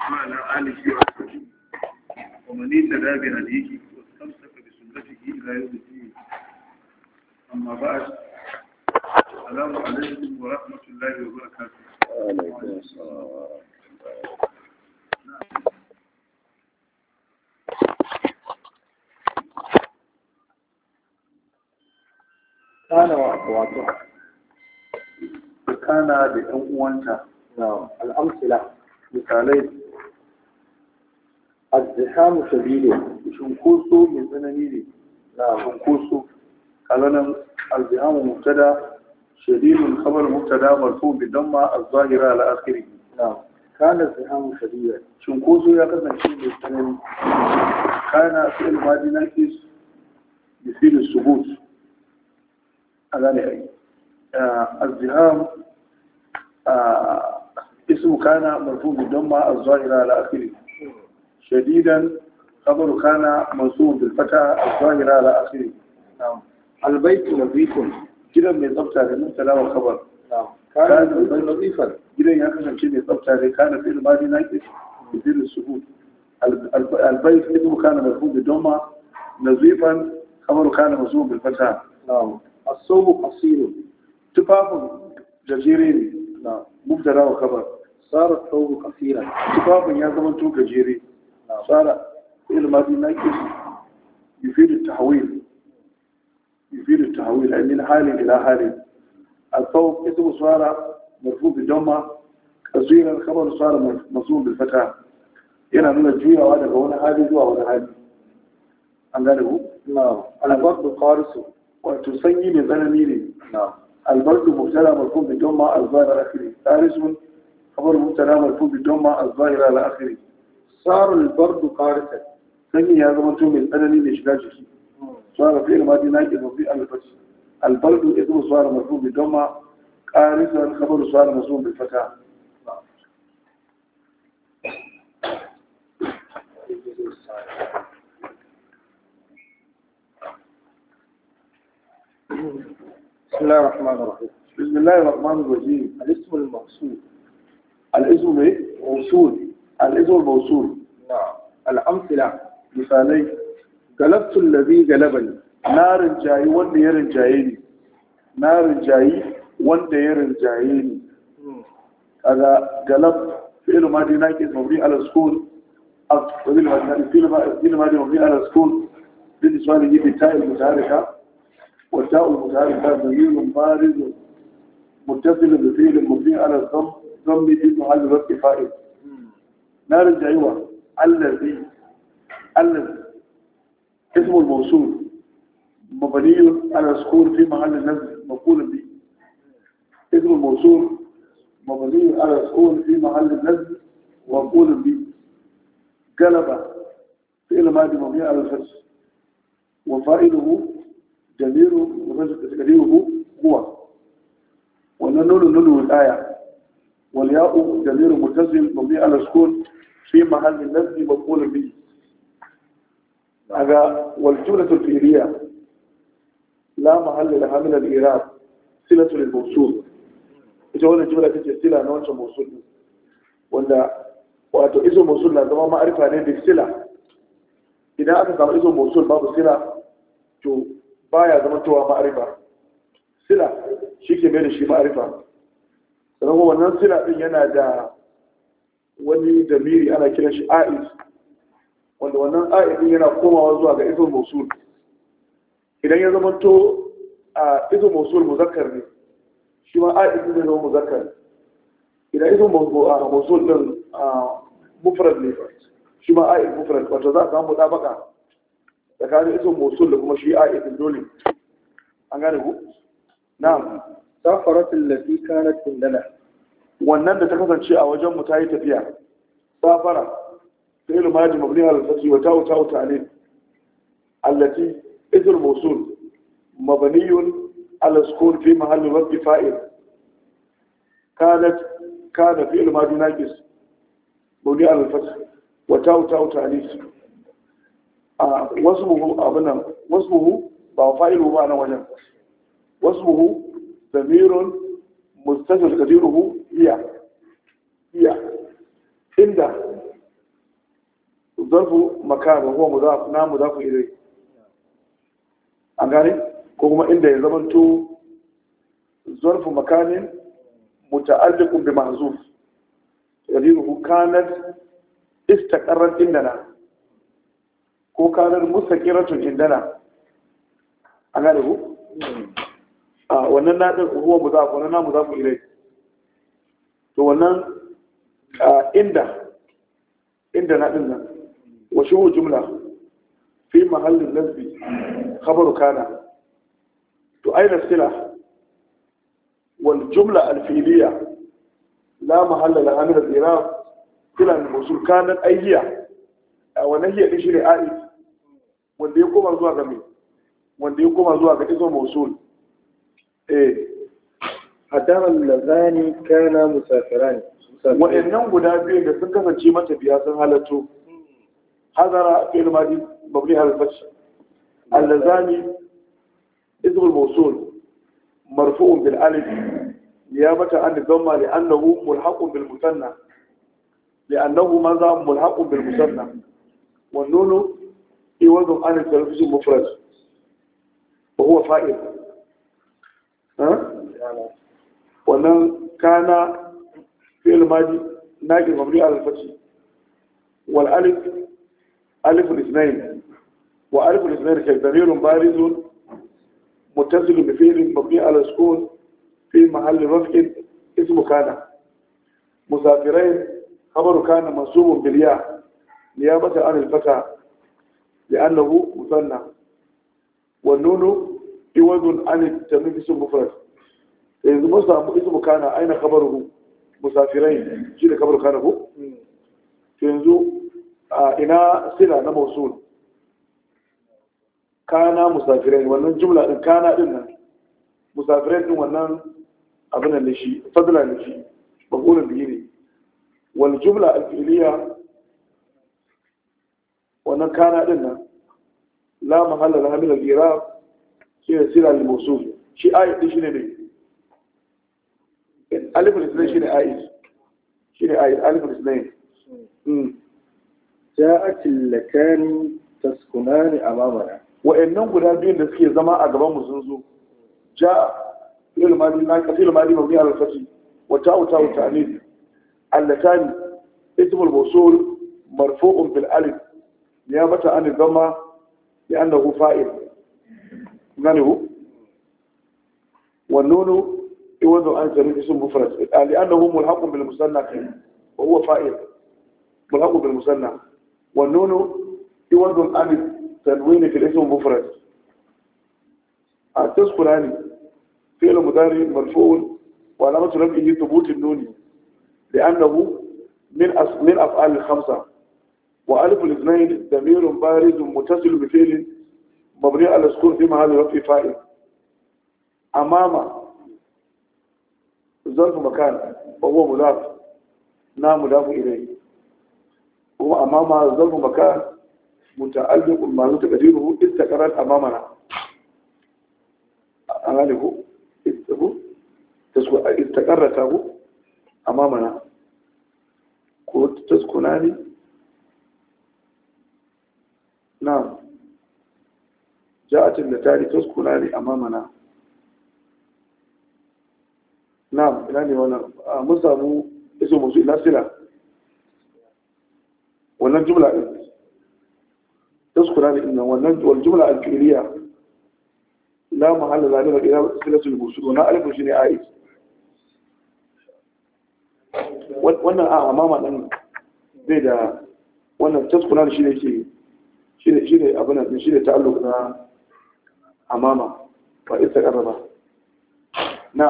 وعلى آله وصحبه ومن اهتدى بهديه واستمسك بسنته إلى يوم الدين أما بعد السلام عليكم ورحمة الله وبركاته وعليكم السلام كان wato kana da ɗan uwanta al'amsila misalai azzihamu shabido cunkoso mai tsanani ne na cunkoso kalanan azzihamu mutada shadidun khabar mutada marfu bi damma az-zahira ala akhirih na kana azzihamu shadida cunkoso ya kasance mai tsanani kana fi'il madi naqis yufidu subut alani azzihamu ah, اسم كان مرفوع بالضمة الظاهرة على آخره شديدا خبر كان منصوب بالفتحة الظاهرة على آخره نعم البيت نظيف جدا من ضبطة للمبتدا والخبر نعم كان البيت نظيفا جدا يخشن شيء من ضبطة كان في الماضي ناقص يزيد السكون البيت اسم كان مرفوع بالضمة نظيفا خبر كان منصوب بالفتحة نعم الصوم قصير تفاهم جزيرين نعم مبتدا وخبر صار الثوب قصيرا تفاف يا زمن ta جيري صار الماضي ناقص يفيد halin. يفيد التحويل يعني من حال إلى حال الثوب اسمه صار مرفوع بالضمة قصيرا tsara صار منصوب بالفتحة yana nuna juyawa daga wani hali zuwa wani hali an gane ku? albardu kawarisu wato sanyi mai tsanani ne albardu mutala marfun da don ma albarar akiri tsarisun خبر مبتدا الفوق الدومة الظاهرة على آخره صار البرد قارسا ثاني هذا مرجو توم الأدني لإشجاجه صار في ماضي ناجز وفي الفتح البرد إذن صار مرفوع الدومة قارسا خبر صار مصوم بالفتاة بسم الله الرحمن الرحيم بسم الله الرحمن الرحيم الاسم المقصود al'izu mai mausul al'izu mausul al'amfila misalai galabtun labi galabani na rinjayi wanda ya rinjaye ni na rinjayi wanda ya rinjaye ni hmm. kaga galab fi'il madi na ke mabni ala sukun fi'il madi mabni ala sukun bin ismani yi bi ta'il mutaharika wa ta'ul mutaharika zamir bariz muttasil الضم في محل رفع نار الجعوة الذي الذي اسم الموصول مبني على السكون في محل النزل مقول به اسم الموصول مبني على السكون في محل النزل مقول به قلب في الماضي مبني على الفتح وفائده جميل تسكريه هو وننول نلو الآية والياء ضمير متصل مبني على السكون في A نصب مفعول به هذا والجملة الفعلية لا محل لها من الإيراد صلة للموصول ita wannan jimla take sila na wancan mosul ne wanda wato izo mosul na zama ma'arifa ne da sila idan aka samu izo mosul babu sila to baya zama ma'arifa sila shi ke mai da shi ma'arifa sannan wannan sila ɗin yana da wani damiri ana kiran shi A'is. wanda wannan a'id yana komawa zuwa ga ismul mawsul idan ya zama to a ismul mawsul muzakkar ne shi ma a'id ne zama muzakkar idan ismul mawsul din mufrad ne shi ma a'id mufrad wato za ka samu dabaka tsakanin ismul mawsul da kuma shi a'id dole an gane ku na'am safaratin lati kanat indana wannan da ta kasance a wajen mu ta yi tafiya safara ta ilu maji mabni al-fati wa ta'u ta'u ne allati isr mawsul mabniyun ala sukun fi mahall rabbi fa'il kanat kana fi ilu maji naqis mabni al-fati wa ta'u ta'u ne a wasmuhu abunan buhu ba fa'ilu ba nan wajen wasmuhu ضمير مستتر قديره هي هي عند ظرف مكان وهو مضاف نعم مضاف إليه أغاني كما عند يزمنتو ظرف مكان متعلق بمحذوف قديره كانت استقرت عندنا كو كانت مستقره عندنا indana a gane ku? a wannan na ɗin ruwan mu za ku wannan namu za ku ire to wannan inda inda na ɗin nan wa shi jumla fi mahallin nasbi khabaru kana to aina sila wal jumla al fi'liya la mahalla la min al i'rab sila al mawsul kana ayya wa nahiya ne shir'i wanda ya koma zuwa ga me wanda ya koma zuwa ga ism mawsul eh hadar lazani kana musafiran. wa'annan guda biyu da sun kasance matafiya sun halatto hadara fi'il madi mabni al fath allazani ism al mawsul marfu'un bil alif mata an dhamma li annahu mulhaqun bil musanna li annahu madha mulhaqun bil musanna wan nunu iwadu an al mufrad wa huwa fa'il wannan kana fi almadi na girmamri alfaci wal'alif alifin isnayin wa alifin isnayin ke damirin barizon mutazilin da filin al alaskon fi mahallin rafin ismu kana musafirai habaru kana masu mumbiliya ya bata an alfata da annabu musanna wannan iwazun an tamim ism mufrad yanzu mun samu ism kana aina khabaruhu musafirai shi da kabaru kana ku yanzu yanzu ina sila na mausul kana musafirai wannan jumla din kana din nan musafirai din wannan abin da shi fadla ne shi bakulun biyu ne wal jumla al fi'liya wannan kana din nan la mahalla la min al-i'rab shi ne sira al mawsuf shi ayat din shine ne alif al isnayn shine ayat shine ayat alif al isnayn hmm. ja'at lakani taskunani amamana wa'annan guda biyun da suke zama a gaban mu sun zo ja fi'il madi na kafil madi mabni al fati wa ta'u ta'u ta'nid allatani اسم الموصول مرفوع بالالف نيابه عن الضمه لانه فاعل من هو والنون يوضع عن طريق اسم مفرد آه، لأنه ملحق بالمثنى وهو فائل ملحق بالمثنى والنون يوضع عن تنوين في الاسم مفرد آه، تذكر يعني فعل مضارع مرفوع وعلامة رفعه ثبوت النون لأنه من من أفعال الخمسة وألف الاثنين ضمير بارز متصل بفعل مبني على السكون في محل رفع فاعل امام ظرف مكان وهو مضاف نعم مضاف اليه هو امام ظرف مكان متعلق ما تقديره استقرت امامنا أمامه استقرت أمامنا كنت تسكناني نعم جاءت التالي تذكر لي أمامنا نعم إلاني وانا مصابو اسم مرسول لا سلا وانا الجملة تذكر لي إنه والجملة الفئلية لا محل ذلك إلى سلة المرسول وانا ألف شيني عائد وانا أمامنا زي ده wannan taskuna shi ne ke shi ne abin shi ne ta'alluk Amama baɗi baƙararra ba. Na.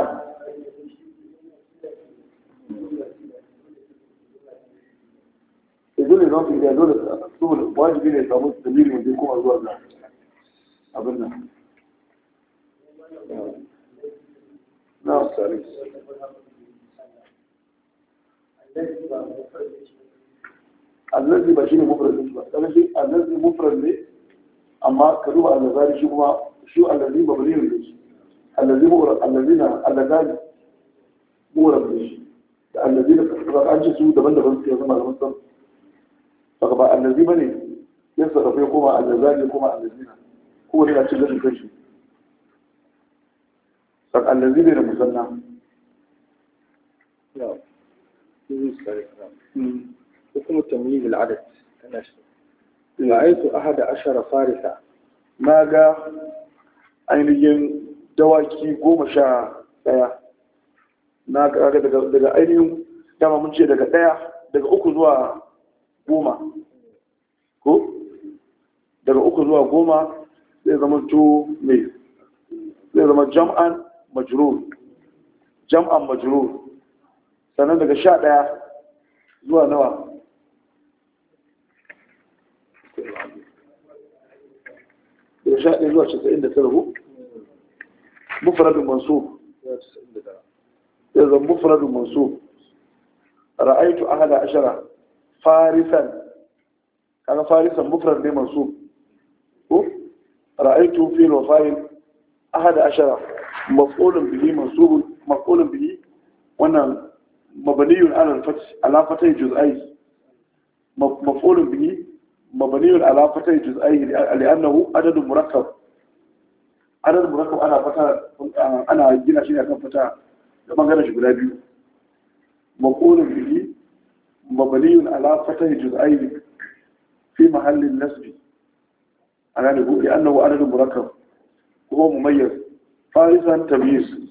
Idan zai zau ƙirji azo da shugaban wajibi ne za mu sami numutu kuma a zuwa bila. Na amsa ne. An ba shine mafarar shugaban, kada ki an zazi ne amma ka duba an shi kuma. شو الذي مبني ليش الذي مغرب الذين الذين مغرب ليش الذين فقط أنشأ سوء دبن دبن في زمان المصدر فقط الذين بني يسر فيكما اللذان يكما الذين هو هنا تجد الكشف الذين الذي بين المثنى نعم حكم تمييز العدد إيه. رأيت أحد عشر فارسا ما قال ainihin dawaki goma sha ɗaya na kaga daga ainihin dama mun ce daga ɗaya daga uku zuwa goma ko daga uku zuwa goma zai zama to mai zai zama jam'an majrur jam'an majrur sannan daga sha ɗaya zuwa nawa daga sha ɗaya zuwa casa'in mufradun mansub ya mufradun mansub ra'aitu ahada ashara farisan kaga farisan mufrad ne ko ra'aitu fi wafa'il ahada bihi wannan مبني على الفتح على فتح جزئي مفعول به مبني على فتح جزئيه لأنه عدد مركب عدد مركب أنا فتح أنا جينا شيء كان فتح لما قال شيء بيو مقول به مبني على فتح جزئيه في محل النسب أنا نقول لأنه عدد مركب هو مميز فارسا تمييز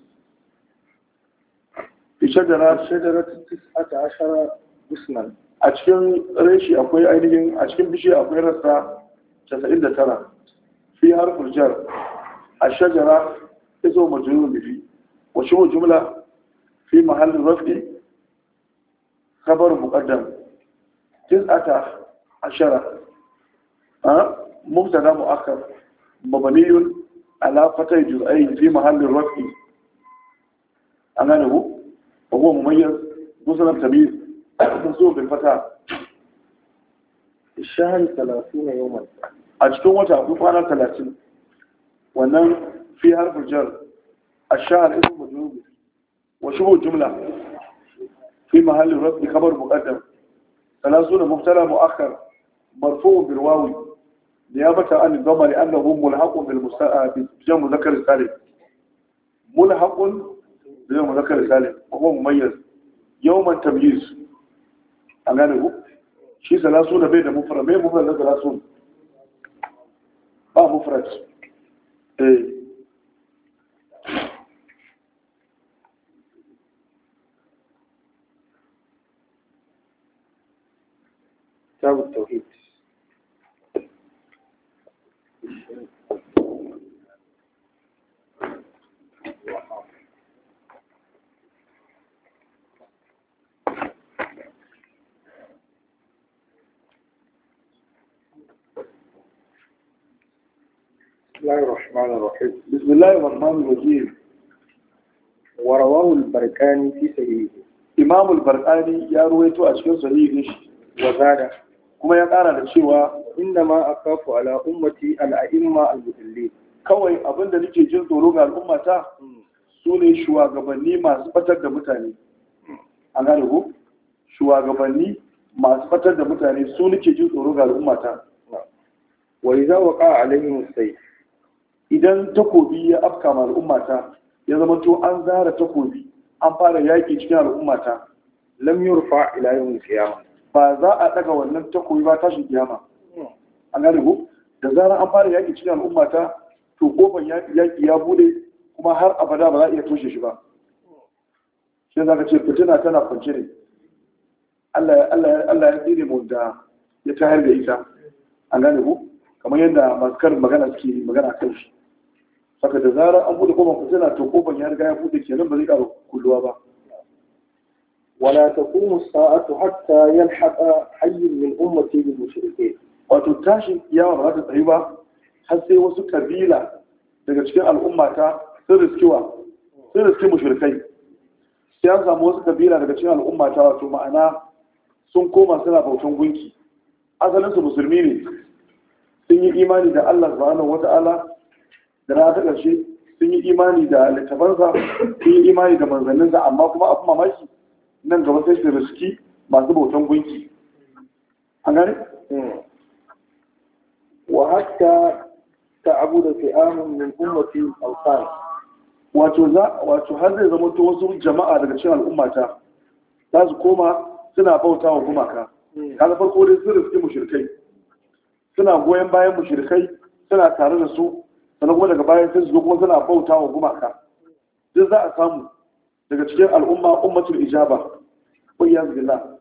في شجرة شجرة تسعة عشر اسما a cikin reshi akwai ainihin a cikin bishiya akwai rasa 99 fi har jar a shajara izo majalun bifi wace wa jumla fi mahallin rafi kabar mukaddam tis'ata ashara mubtada mu'akkar mabaniyun ala fatai jur'ain fi mahallin rafi an gane ku ba huwa mumayyiz musulun tamyiz نزول بالفتاة الشهر 30 يوما أجتون وجه أقول فانا 30 ونن في حرف الجر الشهر اسم مجهول وشبه الجملة في محل رد خبر مقدم ثلاثون مبتلى مؤخر مرفوع بالواوي نيابة عن الضمة لأنه ملحق بجمع مذكر السالم ملحق بجمع مذكر السالم وهو مميز يوما تمييز an gane ku shi salasu bai da mufrad bai mufrad da salasu ba mufrad eh الله الرحمن الرحيم بسم الله الرحمن الرحيم ورواه البركاني في صحيحه إمام البركاني يا رويتو أشكال صحيحه وزاد كما يقال على الشيوى إنما أخاف على أمتي الأئمة المدلين kawai abin da nake jin tsoro ga al'ummata su ne shugabanni masu fatar da mutane shugabanni masu fatar da mutane su nake jin tsoro ga al'ummata wa idza waqa alaihim sayf idan takobi ya afka ma al'ummata ya zama to an zara takobi an fara yaƙi cikin al'ummata lam yurfa ila yawm qiyama ba za a daga wannan takobi ba tashin kiyama an gane ko da zara an fara yaƙi cikin al'ummata to kofar yaƙi ya bude kuma har abada ba za a iya toshe shi ba sai za ce fitina tana kwance ne Allah ya tsire mu da ya tahar da ita an gane ko, kamar yadda masu karin magana suke magana kan shi saka da zarar an bude kofar fitina to kofar ya riga ya bude kenan ba zai ƙara kulluwa ba wala taqumu sa'atu hatta yalhaqa hayyun min ummati bil mushrikeen wato tashi yawa ba za ta tsayi ba har sai wasu kabila daga cikin al'ummata sun riskiwa sun riski mushrikai sai an samu wasu kabila daga cikin al'ummata wato ma'ana sun koma suna bautan gunki Asalinsu musulmi ne sun yi imani da Allah subhanahu wata'ala da na ta ƙarshe sun yi imani da littafansa sun yi imani da manzanninsa amma kuma abu mamaki nan gaba sai su riski masu bautan gunki an gani. Hmm. wa hatta ta'abuda fi'amun min ummati awsan wato za wato har zai zama to wasu jama'a daga cikin al'ummata za su koma suna bauta wa gumaka hmm. kada farko dai sun riski mushrikai suna goyon bayan mushrikai suna tare da su sannan kuma daga bayan sai su zo kuma suna bauta wa gumaka duk za a samu daga cikin al'umma ummatul ijaba ƙuyar zila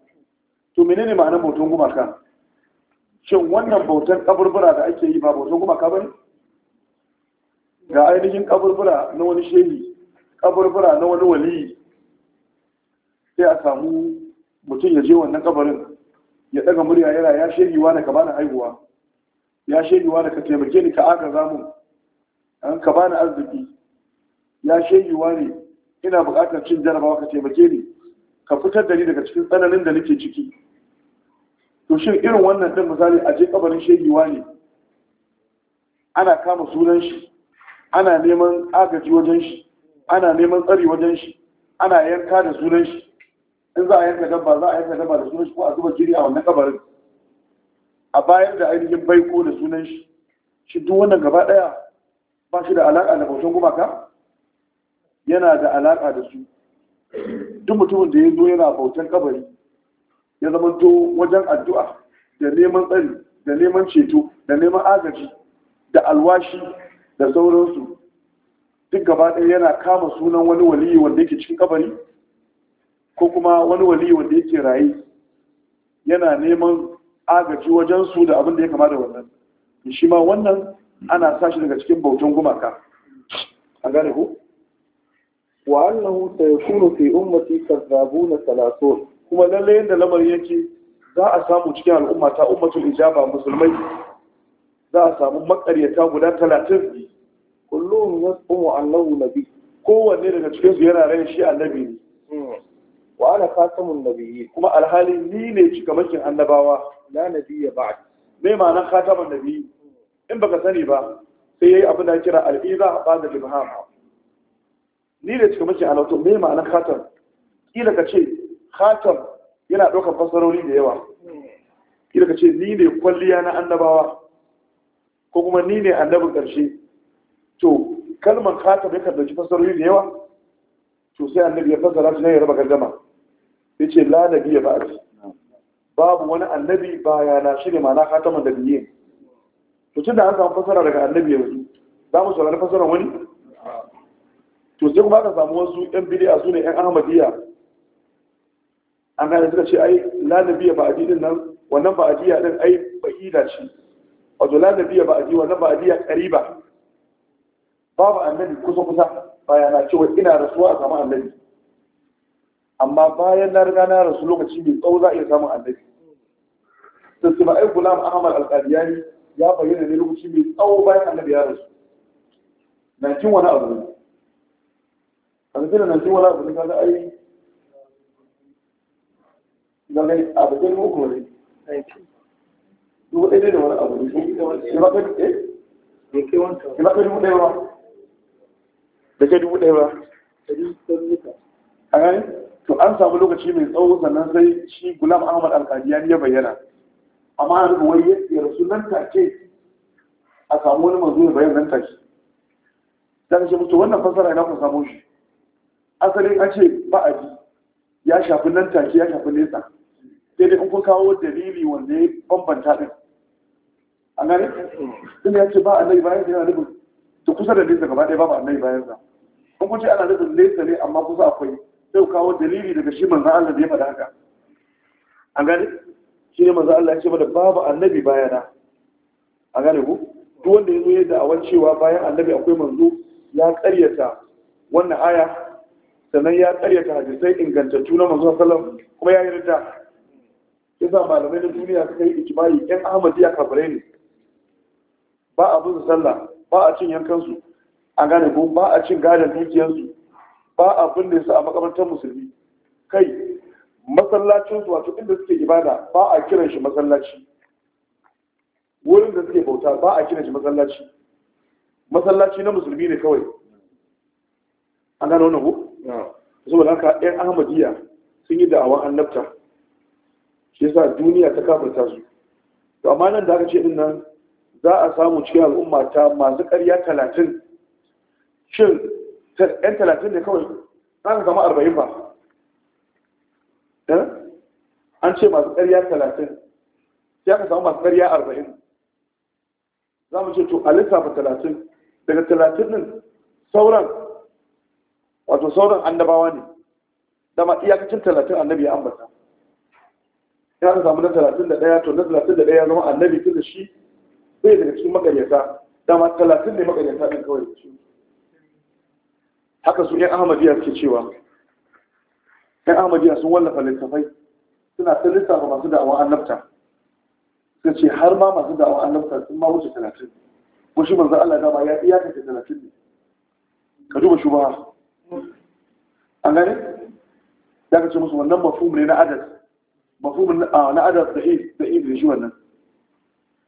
to menene ma'anar bautan gumaka shin wannan bautan kaburbura da ake yi ba bautan gumaka ba ne ga ainihin kaburbura na wani shehi kaburbura na wani wali, sai a samu mutum ya je wannan kabarin ya daga murya yana ya shehiwa da ka bani haihuwa ya shehiwa da ka taimake ni ka agaza zamu an ka bani arziki ya shegiwa ne ina bukatar cin jarabawa ka taimake ni ka fitar da ni daga cikin tsananin da nake ciki to shin irin wannan ɗin misali a je kabarin shegiwa ne ana kama sunan shi ana neman agaji wajen shi ana neman tsari wajen shi ana yanka da sunan shi in za a yanka dabba za a yanka dabba da sunan shi ko a zuba jiri a wannan kabarin a bayar da ainihin baiko da sunan shi shi duk wannan gaba ɗaya ba shi da alaƙa da bautan gumaka yana da alaƙa da su duk mutumin da ya zo yana bautan kabari ya zama to wajen addu'a da neman tsari da neman ceto da neman agaji da alwashi da sauransu duk gaba ɗaya yana kama sunan wani waliyi wanda yake cikin kabari ko kuma wani waliyi wanda yake raye yana neman agaji wajensu da abin da ya kama da wannan shi ma wannan ana sashi daga cikin bautan gumaka A gane ku wa annahu sayakunu fi ummati kazzabun salasun kuma lalle yanda lamarin yake za a samu cikin al'umma ta ummatul ijaba musulmai za a samu makaryata guda 30 kullum yasumu annahu nabi kowanne daga cikin su yana rayin shi annabi ne hmm. wa ana khatamun nabiyyi kuma alhali ni ne cikamakin annabawa la nabiyya ba'd me ma'anar khatamun nabiyyi in baka sani ba sai yayi abin da kira al'iza ba da ibham ni da cika mace alautu me ma'ana khatam kila ka ce khatam yana ɗaukar fasarori da yawa kila ka ce ni ne kwalliya na annabawa ko kuma ni ne annabin ƙarshe to kalmar khatam yakan ɗauki fasarori da yawa to sai annabi ya fasara shi ne ya raba gardama ya ce la nabi ya ba'ad babu wani annabi baya na shi ne ma'ana khataman nabiyyin to tun da an fasara daga annabi yanzu za mu saurari fasaran wani to sai kuma aka samu wasu yan bidiya su ne yan ahmadiyya an gane suka ce ai ya ba'adi din nan wannan ba din ai ba'ida ce wato lalabi ya ba'adi wannan ba'adiyya addiya babu annabi kusa kusa bayan na cewa ina rasuwa a samu annabi amma bayan na riga na rasu lokaci mai tsawo za a iya samun annabi sai ba ai gulam ahmad al-qadiyani ya bayyana ne lokaci mai tsawo bayan annabi ya rasu nancin wani abu ne a zafi da nancin wani abu ne kaga ai zalai a bakin uku ne dubu ɗaya da wani abu ne ne ba ka eh? dubu ɗaya ba ka dubu ɗaya ba da ke dubu ɗaya ba a gani to an samu lokaci mai tsawo sannan sai shi gulam ahmad alkadiyani ya bayyana amma a rubuwa ya rasu nan take a samu wani mazu ya bayan nan take dan shi mutu wannan fasara ina ku samu shi asalin an ce ji ya shafi nan take ya shafi nesa sai dai in kun kawo dalili wanda ya bambanta din a gane din ya ce ba a nai bayan sa yana nufin to kusa da nesa gaba ɗaya ba nai bayan sa in kun ce ana nufin nesa ne amma kusa akwai sai kawo dalili daga shi manzan Allah da ya faɗa haka an gane shi ne manzo Allah ya ce mana babu annabi bayana a gane ku duk wanda ya zo ya da'awar cewa bayan annabi akwai manzo ya karyata wannan aya sannan ya karyata hadisai ingantattu na manzo sallam kuma ya yarda yasa malamai na duniya suka yi Yan ahmadi ya kafare ne ba a bin sallah ba a cin yankansu a gane ku ba a cin gadon dukiyarsu ba a binne su a makarantar musulmi kai masallacin su wato inda suke ibada ba a kiran shi masallaci wurin da suke bauta ba a kiran shi masallaci masallaci na musulmi ne kawai an gano wannan ko saboda haka ɗan ahmadiyya sun yi an nafta shi yasa duniya ta kafarta su to amma nan da aka ce dinnan, nan za a samu cikin al'umma ta masu ƙarya talatin shin 'yan talatin ne kawai za ka kama arba'in ba an ce masu ƙarya talatin sai aka samu masu ƙarya arba'in za mu ce to a lissafa talatin daga talatin din sauran wato sauran annabawa ne dama iyakacin talatin annabi ya ambata ya aka samu na talatin da ɗaya to na talatin da ɗaya zama annabi tun da shi sai daga cikin makaryata dama talatin ne makaryata ɗin kawai da shi haka su ‘yan ahmadiyya suke cewa ‘yan ahmadiyya sun wallafa littafai suna ta lissafa masu da'awa annabta suka ce har ma masu da'awa annabta sun ma wuce talatin wasu manzan Allah dama ya iya ta talatin ne ka duba shi ba an gane ya kace musu wannan mafhum ne na adad mafhum na ah, adad da da da shi wannan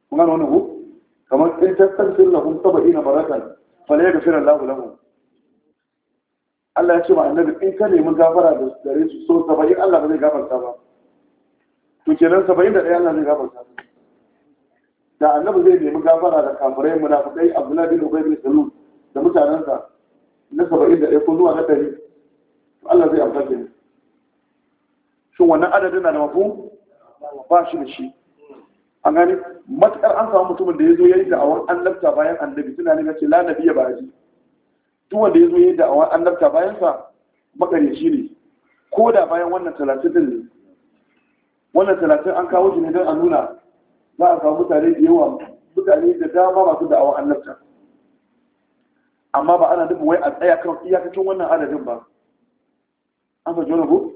kun gano wani ku. kamar in tastantin lahum saba'ina baratan fala yaghfira Allahu lahum Allah ya ce ma annabi in ka nemi gafara da gare su so saba'in Allah ba zai gafarta ba kenan saba'in da ɗaya Allah zai gafarta da annabi zai nemi gafara da kafirai munafikai abdullahi bin ubay bin salul da mutanensa na saba'in da ɗaya ko zuwa na ɗari Allah zai amfani ne shin wannan adadin na da mafu ba shi da shi an gani matuƙar an samu mutumin da ya zo ya yi da'awar annabta bayan annabi suna ne ce la nabiya ba ji duk wanda ya zo ya yi da'awar annabta bayan sa makareci ne ko da bayan wannan talatin ne wannan talatin an kawo shi ne don a nuna za a samu mutane da yawa mutane da dama masu da'awar annabta amma ba ana nufin wai a tsaya kan iyakacin wannan adadin ba an fahimci wani ko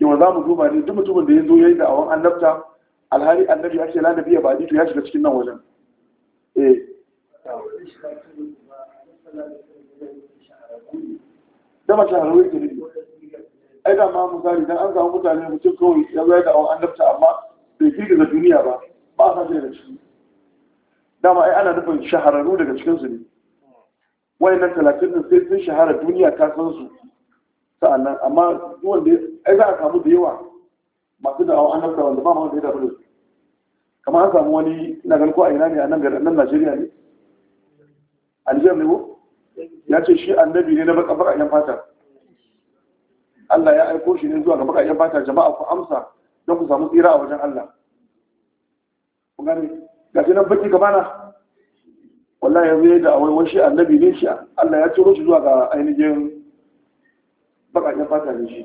yawan za mu duba ne duk mutumin da ya zo ya yi da'awar annabta alhali annabi ya ce lanabi ya baɗi to ya shiga cikin nan wajen eh dama shahararwar ke nufi ai da ma misali dan an samu mutane mutum kawai ya zai da annabta amma bai fi daga duniya ba ba sa da shi dama ai ana nufin shahararru daga cikin su ne nan talatin din sai sun shahara duniya ta san su sa'annan amma wanda ai za a samu da yawa masu da an annabta wanda ba ma wanda ya dafa da su kamar an samu wani ina ganin ko a ina ne a nan ga nan Najeriya ne Aljiyar ne ko ya ce shi annabi ne na baka baka yan fata Allah ya aiko shi ne zuwa ga bakayen bata jama'a ku amsa don ku samu tsira a wajen Allah ku gani ga shi nan baki gabana wallahi yanzu ya da wai shi annabi ne shi Allah ya ciro shi zuwa ga ainihin bakayen bata ne shi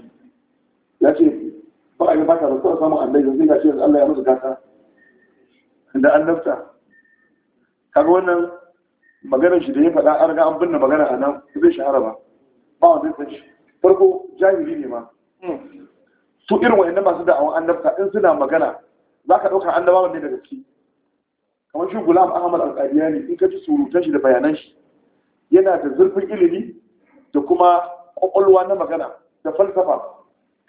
ya ce bakayen bata ba su samun annabi yanzu ga shi Allah ya musu gata da annabta kaga wannan maganar shi da ya faɗa an ga an binne magana a nan zai shahara ba ba wanda zai shi farko jahili ne ma su irin wayannan masu da'awan annabta in suna magana za ka ɗauka annabawan ne da gaske kamar shi gulam ahmad al-qadiyani in ka ji surutan shi da bayanan shi yana da zurfin ilimi da kuma kwakwalwa na magana da falsafa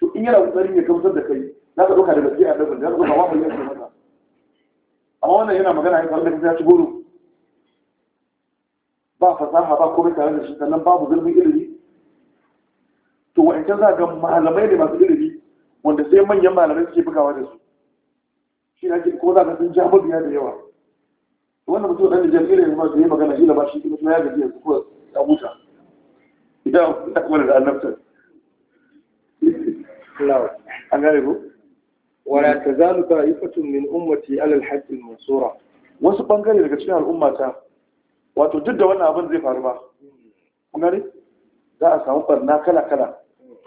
to in yana kokarin ya gamsar da kai za ka ɗauka da gaske a ɗaukar da ɗauka wani yanzu maka amma wannan yana magana ya faru da kasa ya ci goro ba fasaha ba komai tare da shi sannan babu zurfin ilimi to wa'ancan za ga malamai ne masu ilimi wanda sai manyan malamai suke bugawa da su shi na ke ko za ka sun ja mabiya da yawa wannan mutum dan da jirgin ba da yi magana shi da ba shi mutum ya gaji yanzu ko ya huta idan ta kuma da annabta an gane ko wala tazalu ta'ifatun min ummati ala al-haqq al-mansura wasu bangare daga cikin al'ummata wato duk da wannan abin zai faru ba kun gane za a samu barna kala kala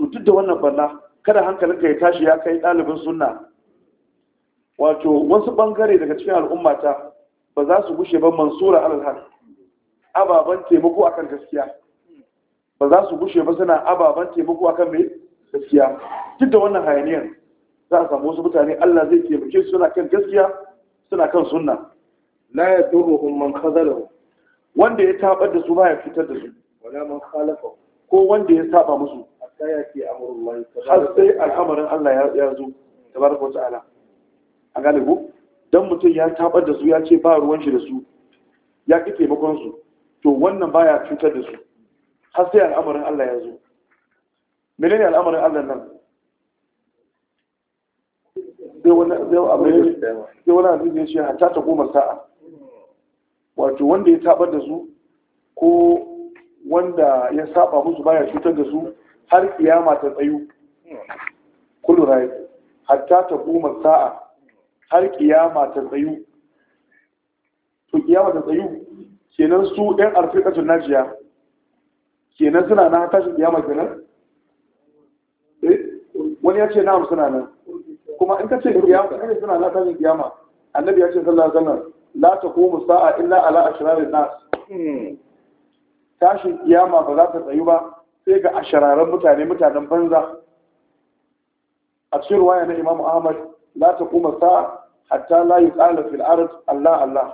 to duk da wannan barna kada hankalinka ya tashi ya kai ɗalibin sunna wato wasu bangare daga cikin al'ummata ba za su gushe ba mansura Alhal, ababan taimako akan gaskiya ba za su gushe ba suna ababan taimako akan mai gaskiya duk da wannan hayaniyar za a samu wasu mutane Allah zai taimake su suna kan gaskiya suna kan sunna la yadurruhum man khazalahu wanda ya tabar da su ba ya fitar da su wala man khalafa ko wanda ya saba musu har sai al'amarin Allah ya zo da tabaraka ala a galibu don mutum ya tabar da su ya ce ba ruwan shi da su ya ki taimakon su to wannan ba ya cutar da su har sai al'amarin Allah ya zo mene ne al'amarin Allah nan sai wani abin da ya ce hatta ta goma sa'a wato wanda ya tabar da su ko wanda ya saba musu baya cutar da su har kiyama ta tsayu kullu rai hatta ta kuma sa'a har kiyama ta tsayu to kiyama ta tsayu kenan su ɗan arfiƙatun najiya kenan suna na tashin kiyama kenan eh, wani ya ce na'am suna nan kuma in ka ce kiyama ne suna na tashin kiyama annabi ya ce sallallahu alaihi wasallam la taqumu sa'a illa ala ashrarin nas hmm. tashin kiyama ba za ta tsayu ba sai ga ashararan mutane mutanen banza a cikin waya na Imam Ahmad la kuma sa hatta la tsala fil arz Allah Allah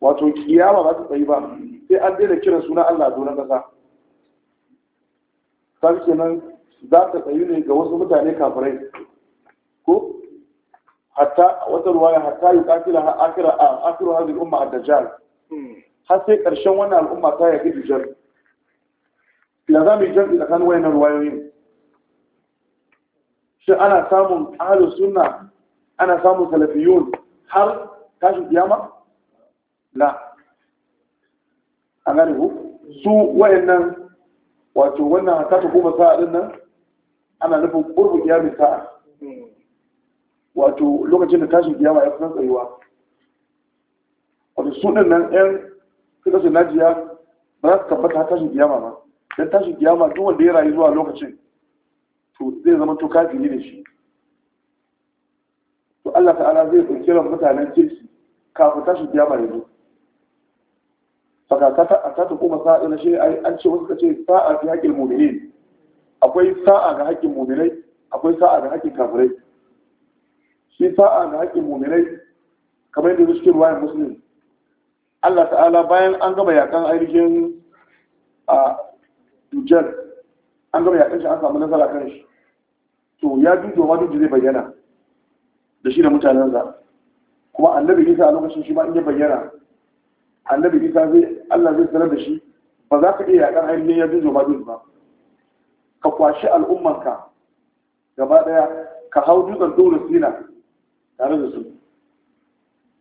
wato kiyama ba ta tsayi ba sai an daina kiran suna Allah zo na kasa sai kenan za ta tsayi ne ga wasu mutane kafirai ko hatta wata ruwaya hatta a akira a akira al-umma a dajjal hmm. har sai karshen wannan al'umma ta yaki dajjal ya za mu yi jam'i tsakanin wayannan wayoyin. shi ana samun ahalus sunna ana samun salafiyun har tashin kiyama la a gani ku su wayannan wato wannan haka ta kuma sa'a din nan ana nufin qurbu kiyami sa'a wato lokacin da tashin kiyama ya kusan tsayuwa wato su din nan yan suka su najiya ba za su tabbata har tashin kiyama ba dan tashi kiyama duk wanda ya rayu zuwa lokacin to zai zama to kafiri da shi to Allah ta'ala zai ɗauki ran mutanen kirki kafin tashi kiyama ya zo ta ta ta kuma sa'a na shi an ce wasu kace sa'a fi haƙƙin mu'minin akwai sa'a ga haƙƙin mu'minai akwai sa'a ga haƙƙin kafirai shi sa'a ga haƙƙin mu'minai kamar yadda suke ruwayar muslim Allah ta'ala bayan an gaba yakan ainihin a dujjar an gama yakan shi an samu nasara kan shi to ya jujo ma jujo zai bayyana da shi da mutanensa kuma annabi isa a lokacin shi ma in ya bayyana annabi isa zai allah zai sanar da shi ba za ka iya yakan ainihin ya jujo ma jujo ba ka kwashi al'ummanka gaba daya ka hau dutsen dole sina tare da su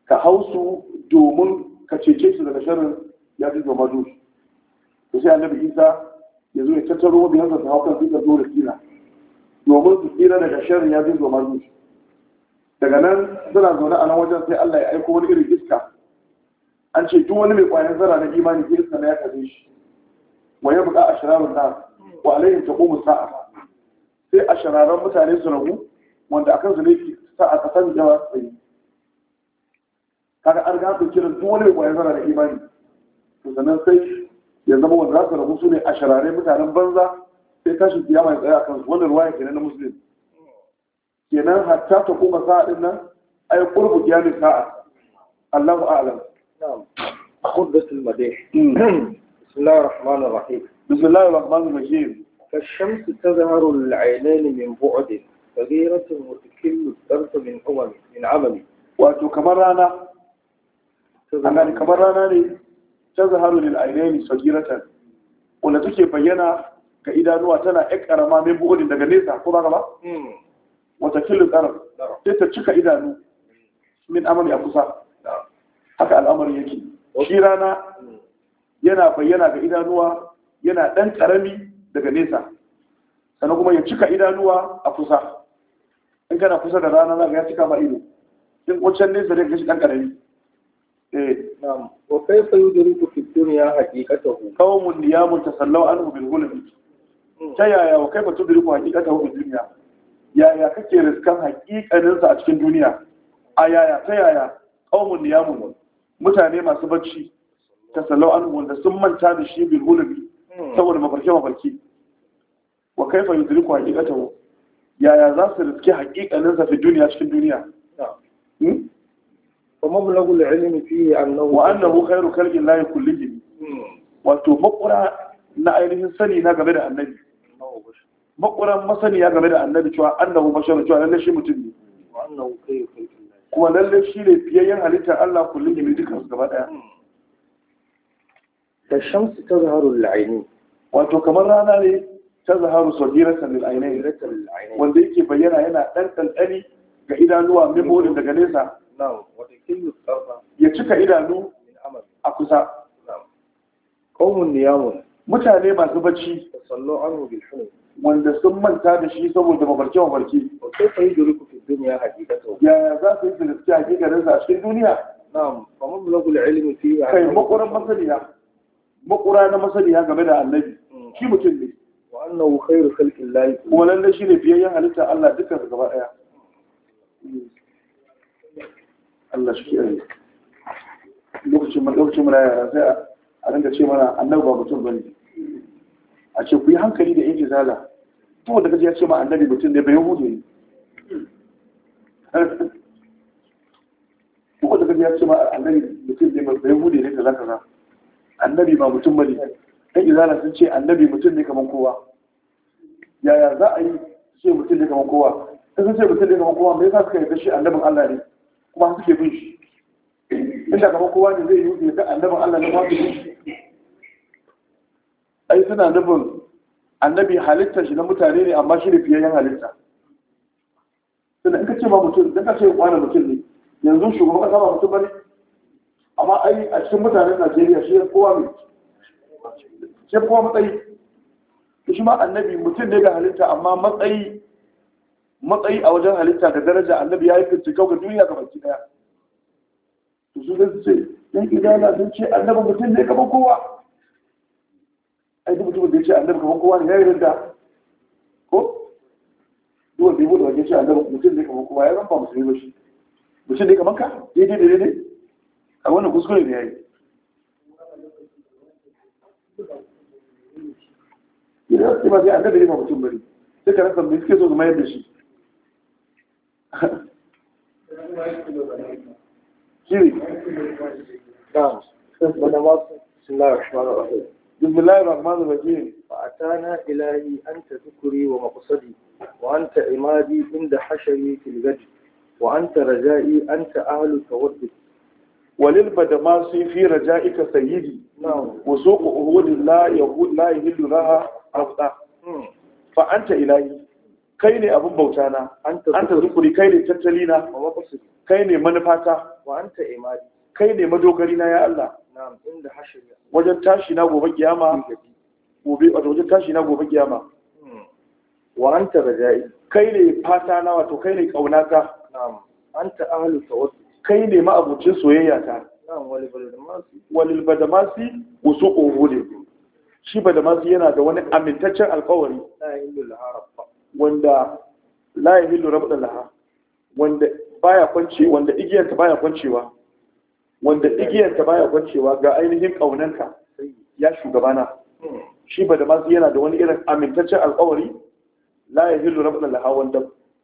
ka hau su domin ka cece su daga shirin ya jujo ma jujo to sai annabi isa ya zo ya tattaro biyansa su hau kan su zuwa da tsira domin su tsira daga sharri ya zai zomar musu daga nan suna zaune a nan wajen sai Allah ya aiko wani irin iska an ce duk wani mai kwayan zara na imani ke iska na ya kaje shi wa ya buƙa ashirarun nan wa ta taqumu sa'a sai ashiraran mutane su ragu wanda akan su ne sa'a ta san jawa tsaye kaga an ga kiran duk wani mai kwayan zara na imani to sannan sai ya zama wanda za su rabu su ne a sharare mutanen banza sai tashin kiyama ya tsaya kan wannan ruwaya kenan na musulun kenan hatta ta kuma sa'a din nan ay qurbu kiyamin sa'a Allahu a'lam خطبة المديح بسم الله الرحمن الرحيم بسم الله الرحمن الرحيم فالشمس تظهر العينين من بعد صغيرة وتكل الدرس من عمل من عمل wato kamar rana an gani kamar rana ne tazharu lil aynaini sagiratan wanda take bayyana ga idanuwa tana ƴan karama min daga nesa ko ba ba hmm. wata killu qarar sai ta cika idanu min amali a kusa haka al'amari yake shi rana hmm. yana bayyana ga idanuwa yana ɗan ƙarami daga nesa sannan kuma ya cika idanuwa a kusa in kana kusa da rana za ka ya cika ma ido in wancan nesa zai gashi ɗan ƙarami نعم وكيف يدرك في الدنيا حقيقته قوم نيام تسلوا عنه بالغلب تيايا وكيف تدرك حقيقته في الدنيا yaya kake riskan hakikaninsa a cikin duniya a yaya ta yaya ƙaunin niyamun mutane masu bacci ta salau an wanda sun manta da shi bil hulabi hmm. saboda mafarki mafarki wa kaifa yudriku haqiqatahu yaya za su riske haƙiƙaninsa fi duniya cikin duniya ومبلغ العلم فيه أنه وأنه خير خلق الله كله wato makura na ainihin sani na game da annabi makura masani game da annabi cewa annahu bashar cewa lalle shi mutum ne kuma lalle shi ne fiyayyen halittar Allah kullum ne dukkan gaba daya da ta zaharu la'aini wato kamar rana ne ta zaharu sagiratan lil aini wanda yake bayyana yana dan ga idanuwa memorin daga nesa ya cika idanu a kusa qaumun niyamun mutane masu bacci sallu anhu bil wanda sun manta da shi saboda mafarki mafarki sai fa yi duriku fi duniya hakikatu ya za su yi gaskiya hakikarin sa a cikin duniya na'am kamar mun lagul ilmi fi kai makuran masaliya makura na masaliya game da annabi mm. shi mutum ne wa wukairu kalkin layi. kuma lalle shi ne biyayyen halitta Allah dukkan gaba daya mm. Allah shi kiyaye lokacin mun lokacin yara zai a ringa ce mana annabi ba mutum bane a ce ku yi hankali da inji zala to da kaje ya ce ma annabi mutum ne bai hudu ne ko da kaje ya ce ma annabi mutum ne bai hudu ne kaza kaza annabi ba mutum bane dan izala sun ce annabi mutum ne kamar kowa yaya za a yi ce mutum ne kamar kowa sun ce mutum ne kamar kowa me yasa suka da shi annabin Allah ne kuma suke bin shi inda kama kowa ne zai yi ya ga annabin Allah na ba shi. ai suna nufin annabi halitta shi na mutane ne amma shi da fiyayyen halitta tunda in ka ce ma mutum dan ka ce wani mutum ne yanzu shugaban kasa ba mutum bane amma ai a cikin mutanen Najeriya shi ya kowa mai shi kowa matsayi shi ma annabi mutum ne ga halitta amma matsayi matsayi a wajen halitta da daraja annabi ya yi fitikau ga duniya ga baki daya to su zai ce yan idana sun ce annabi mutum ne kamar kowa ai duk mutumin da ya ce annabi kamar kowa ne ya yi rinda ko duk wanda ya wajen ce annabi mutum ne kamar kowa ya zama ba musulmi ba shi mutum ne kamar ka daidai da daidai a wannan kuskure ne ya yi idan ya ce ba sai annabi ne ba mutum bari sai ka rasa mai suke so zama yadda shi Bismillahir Rahmanir Rahim atana ilahi anta wa maqsadi wa inda hashari fil gadi wa anta rajai anta ahlu tawaddi wa lil badamasi fi rajaika sayyidi wa suqu uhudillahi yahud la yahillu laha afda hmm. kai ne abin bauta na an ta zukuri kai ne tattali na kai ne manufata wa an ta imani kai ne madogari na ya Allah wajen tashi na gobe kiyama gobe wato wajen tashi na gobe kiyama hmm. wa an ta rajai kai ne fata na wato kai ne ka an ta ahlu tawassul kai ne ma'abucin soyayya ta walil badamasi wasu ohole shi badamasi yana da wani amintaccen alkawari wanda la yahillu da laha wanda baya kwance wanda igiyanta baya kwancewa wanda igiyanta baya kwancewa ga ainihin kaunanka ya shugabana shi ba da masu yana da wani irin amintaccen alkawari la yahillu da laha wanda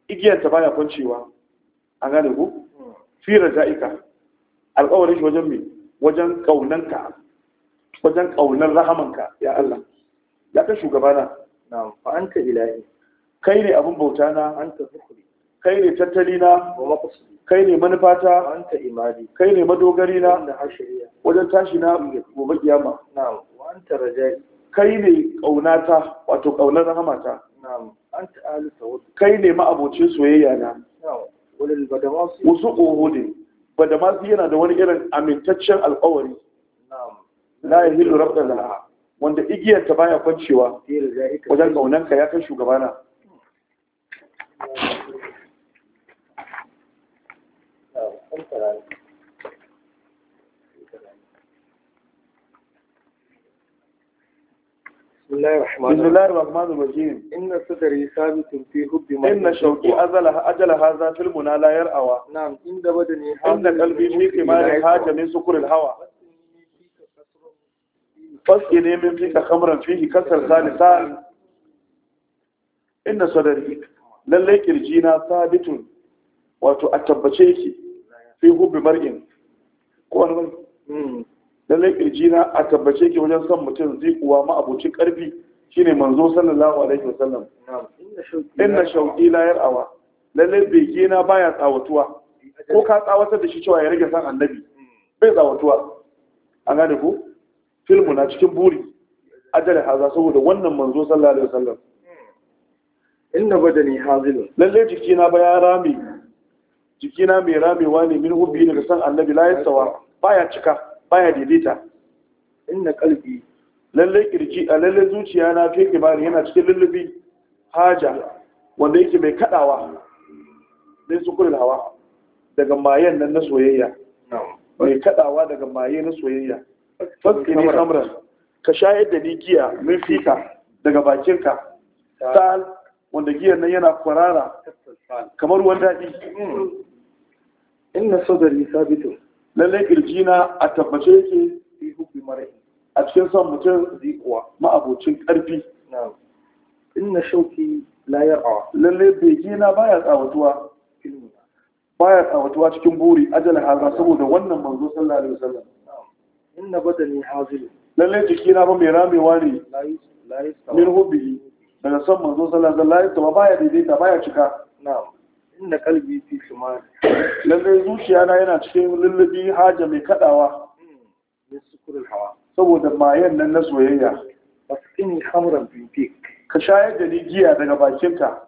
igiyanta baya kwancewa a gane ku fira raja'ika alkawarin shi wajen me wajen kaunanka wajen kaunar rahamanka ya Allah ya ka shugabana na fa'anka ilahi kai ne abin bauta na anta zikri kai ne tattali na kai ne manufata anta imadi kai ne madogari na wajen tashi na gobe kiyama anta rajai kai ne kaunata wato kaunar rahamata na'am anta ahli kai ne ma'abocin soyayya na na'am walil badamasi wasu uhudi badamasi yana da wani irin amintaccen alƙawari Na la yahillu rabbana wanda igiyarta baya kwancewa wajen kaunanka ya kai shugabana الله الرحمن بسم الله الرحمن الرحيم إن صدري ثابت في حب من إن شوقي أزلها أجل هذا في المنى لا يرأوى نعم إن بدني إن قلبي في قمار حاجة من سكر الهوى فاسقني من فيك خمرا فيه كسر ثالثا إن صدري lallai kirjina sabitun wato a tabbace ki fi hubbi mar'in ko wani lallai kirji na a tabbace ki wajen son mutum zai kuwa ma ƙarfi karfi shine manzo sallallahu alaihi wasallam inna shauqi la yar'awa lallai bege na baya tsawatuwa ko ka tsawatar da shi cewa ya rage san annabi bai tsawatuwa an gane ku filmu na cikin buri ajali haza saboda wannan manzo sallallahu alaihi wasallam inna badani hazilun lallai jiki na baya rami. jiki na mai ramewa ne min hubbi daga san annabi la yasawa baya cika baya daidaita inna kalbi lalle kirji a lalle zuciya na fi kibari yana cikin lullubi haja wanda yake mai kadawa dai su kullu hawa daga mayen nan na soyayya mai kadawa daga maye na soyayya ne amran ka shayar da ni giya min fika daga bakinka sal wanda giyan nan yana kwarara kamar wanda daɗi mm. inna sadari sabitu lallai kirjina a tabbace yake fi mara mar'i a cikin son mutum zikuwa ma'abocin ƙarfi inna shauki la yar'a lallai begina baya tsawatuwa baya tsawatuwa cikin buri ajal haza saboda wannan manzo sallallahu alaihi wasallam inna badani hazil lallai jikina ba mai ramewa ne min hubbi daga son manzo sallallahu alaihi wasallam baya daidaita baya cika na'am inda kalbi fi shumari lalle zuciya na yana cikin lullubi haja mai kadawa hmm, min sukurin hawa saboda mayan nan na soyayya fasqini hamuran fi ka shayar da ni giya daga bakinta.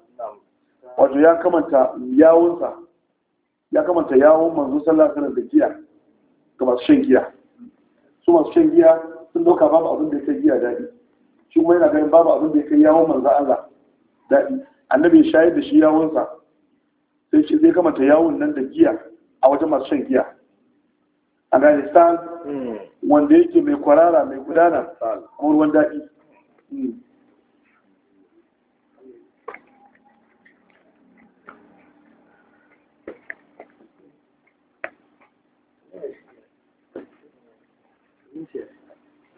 wato ya kamanta yawunsa ya kamanta yawun manzo sallallahu da giya ga masu shan giya su masu shan giya sun doka babu abin da ya kai giya daɗi shi kuma yana ganin babu abin da ya kai yawon manzo Allah daɗi annabi ya shayar da shi yawunsa sai shi zai kamata yawon nan da giya a wajen masu shan giya a ghanistan hmm. wanda yake mai kwarara mai gudana ko ruwan daɗi hmm.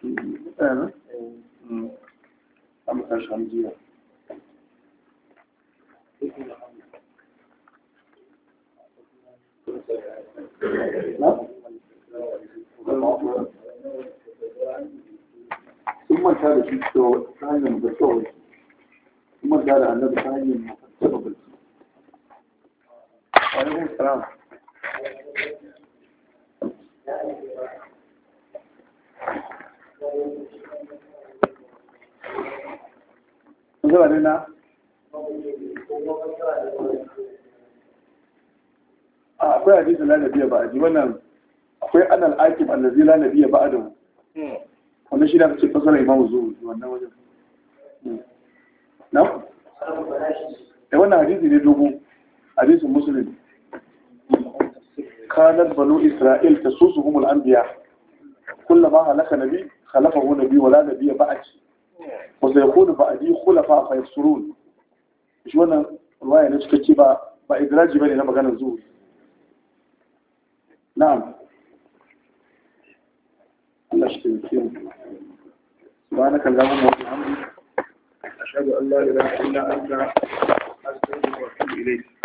hmm. eh, eh, eh. Thank you. sun manta da shi ta hanyar da kawai sun manta da annabi ta hanyar taba bulki alaikum salam akwai hadisi na nabiya ba ji wannan akwai anal aqib allazi la nabiya ba da hmm. wannan shi da kace fasara imam zuhri wannan wajen hmm. na da eh, wannan hadisi ne dogo hadisin musulun kanar banu isra'il ta kuma al'ambiya anbiya ma halaka nabi khalafahu nabi wala ya ba'd ba a ji khulafa fa yafsurun shi wannan ruwaya ne suka ce ba ba ne bane na maganar zuwa na'am Allah shi taimake mu subhanaka A wa Allah ashhadu an la ilaha illa anta astaghfiruka